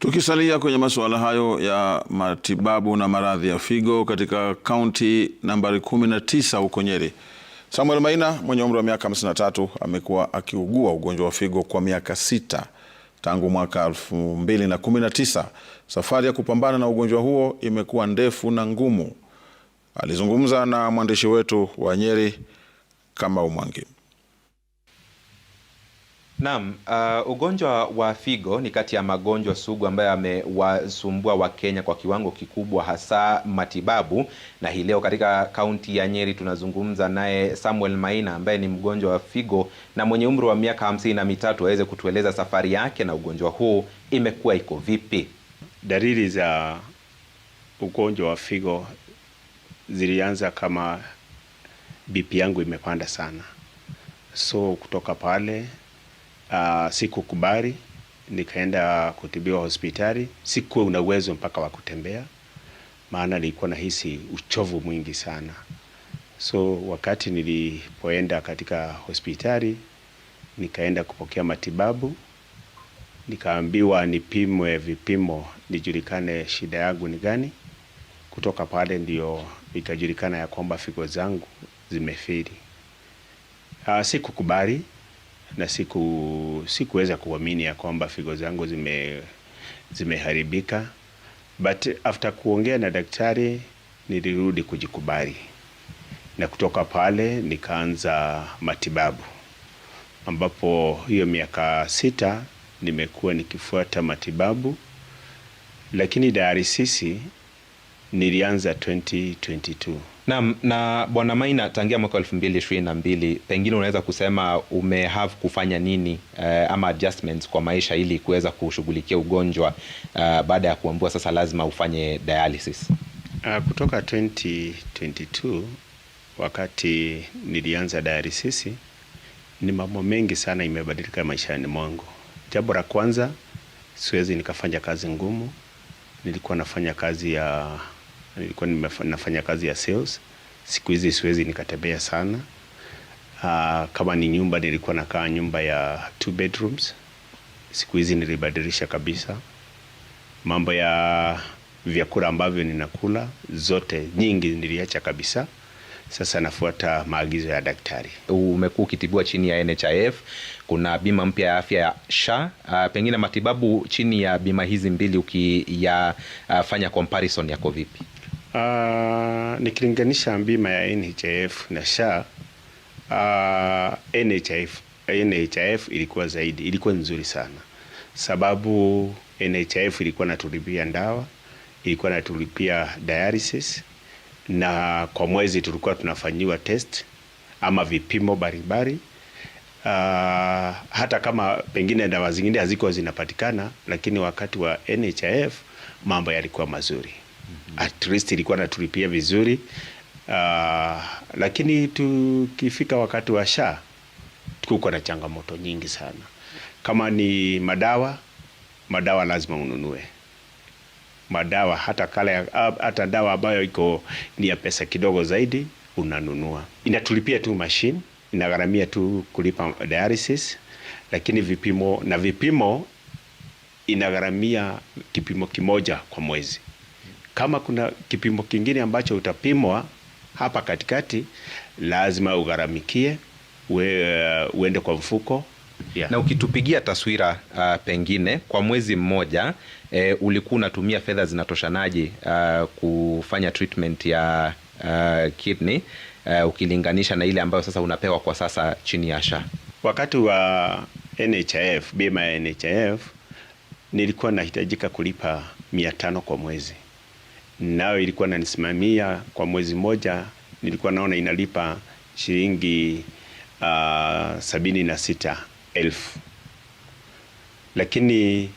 Tukisalia kwenye masuala hayo ya matibabu na maradhi ya figo katika kaunti nambari 19 huko Nyeri, Samuel Maina mwenye umri wa miaka 53 amekuwa akiugua ugonjwa wa figo kwa miaka sita tangu mwaka 2019. Safari ya kupambana na ugonjwa huo imekuwa ndefu na ngumu. Alizungumza na mwandishi wetu wa Nyeri Kamau Mwangi. Naam, uh, ugonjwa wa figo ni kati ya magonjwa sugu ambayo yamewasumbua Wakenya kwa kiwango kikubwa hasa matibabu, na hii leo katika kaunti ya Nyeri tunazungumza naye Samuel Maina ambaye ni mgonjwa wa figo na mwenye umri wa miaka hamsini na mitatu aweze kutueleza safari yake na ugonjwa huu imekuwa iko vipi. Dalili za ugonjwa wa figo zilianza kama bipi yangu imepanda sana, so kutoka pale Uh, sikukubali, nikaenda kutibiwa hospitali. Sikuwa una uwezo mpaka wa kutembea, maana nilikuwa nahisi uchovu mwingi sana. So wakati nilipoenda katika hospitali, nikaenda kupokea matibabu, nikaambiwa nipimwe vipimo nijulikane shida yangu ni gani. Kutoka pale ndio ikajulikana ya kwamba figo zangu zimefeli. Uh, sikukubali na siku sikuweza kuamini ya kwamba figo zangu zime zimeharibika, but after kuongea na daktari nilirudi kujikubali, na kutoka pale nikaanza matibabu, ambapo hiyo miaka sita nimekuwa nikifuata matibabu, lakini sisi nilianza 2022. Naam, na Bwana Maina, tangia mwaka mbili pengine unaweza kusema ume kufanya nini eh, ama adjustments kwa maisha ili kuweza kushughulikia ugonjwa eh, baada ya kuambua sasa lazima ufanye dialysis? Uh, kutoka 2022 wakati nilianza dialysis ni mambo mengi sana imebadilika maishani mwangu. Jambo la kwanza, siwezi nikafanya kazi ngumu. Nilikuwa nafanya kazi ya nilikuwa nafanya kazi ya sales. Siku hizi siwezi nikatembea sana. Uh, kama ni nyumba nilikuwa nakaa nyumba ya two bedrooms. Siku hizi nilibadilisha kabisa. Mambo ya vyakula ambavyo ninakula zote nyingi niliacha kabisa. Sasa nafuata maagizo ya daktari. Umekuwa ukitibua chini ya NHIF, kuna bima mpya ya afya ya SHA. Uh, pengine matibabu chini ya bima hizi mbili ukiyafanya ah, comparison yako vipi? Uh, nikilinganisha bima ya NHIF na SHA uh, ah, NHIF, NHIF ilikuwa zaidi, ilikuwa nzuri sana sababu NHIF ilikuwa natulipia ndawa, ilikuwa natulipia dialysis, na kwa mwezi tulikuwa tunafanyiwa test ama vipimo baribari. Uh, ah, hata kama pengine dawa zingine hazikuwa zinapatikana, lakini wakati wa NHIF mambo yalikuwa mazuri. Mm-hmm. at least ilikuwa natulipia vizuri uh, lakini tukifika wakati wa SHA kuko na changamoto nyingi sana. Kama ni madawa, madawa lazima ununue madawa, hata kale, ah, hata dawa ambayo iko ni ya pesa kidogo zaidi unanunua. Inatulipia tu machine, inagharamia tu kulipa dialysis, lakini vipimo na vipimo inagharamia kipimo kimoja kwa mwezi. Kama kuna kipimo kingine ambacho utapimwa hapa katikati, lazima ugharamikie we, uh, uende kwa mfuko yeah. Na ukitupigia taswira uh, pengine kwa mwezi mmoja uh, ulikuwa unatumia fedha zinatoshanaje uh, kufanya treatment ya uh, kidney uh, ukilinganisha na ile ambayo sasa unapewa kwa sasa chini ya SHA? Wakati wa NHIF, bima ya NHIF nilikuwa nahitajika kulipa mia tano kwa mwezi nayo ilikuwa nanisimamia kwa mwezi mmoja, nilikuwa naona inalipa shilingi uh, sabini na sita elfu lakini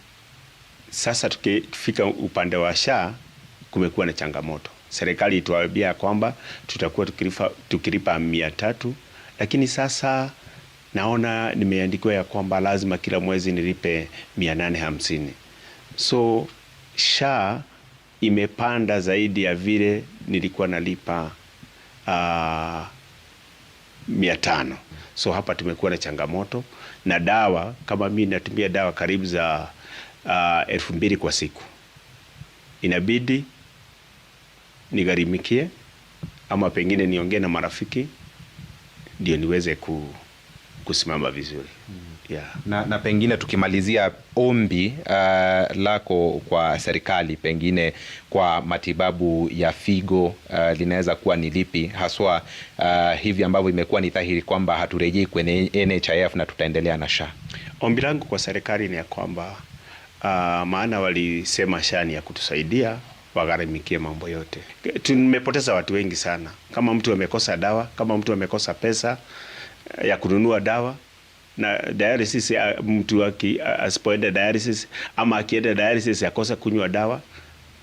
sasa tukifika upande wa SHA kumekuwa na changamoto. Serikali ituambia kwamba tutakuwa tukilipa, tukilipa mia tatu lakini sasa naona nimeandikiwa ya kwamba lazima kila mwezi nilipe mia nane hamsini so SHA imepanda zaidi ya vile nilikuwa nalipa ah, mia tano. So hapa tumekuwa na changamoto na dawa. Kama mi natumia dawa karibu za ah, elfu mbili kwa siku, inabidi nigharimikie ama pengine niongee na marafiki ndio niweze kusimama vizuri yeah. Na, na pengine tukimalizia ombi uh, lako kwa serikali pengine kwa matibabu ya figo uh, linaweza kuwa ni lipi haswa uh, hivi ambavyo imekuwa ni dhahiri kwamba haturejei kwenye NHIF na tutaendelea na SHA? Ombi langu kwa serikali ni ya kwamba uh, maana walisema SHA ni ya kutusaidia wagharimikie mambo yote. Tumepoteza watu wengi sana, kama mtu amekosa dawa, kama mtu amekosa pesa uh, ya kununua dawa na dialysis, mtu aki asipoenda dialysis ama akienda dialysis akose kunywa dawa,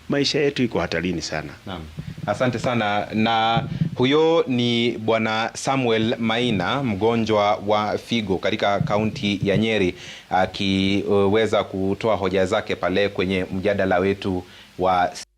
maisha yetu iko hatarini sana. Naam. Asante sana na huyo ni Bwana Samuel Maina, mgonjwa wa figo katika kaunti ya Nyeri, akiweza kutoa hoja zake pale kwenye mjadala wetu wa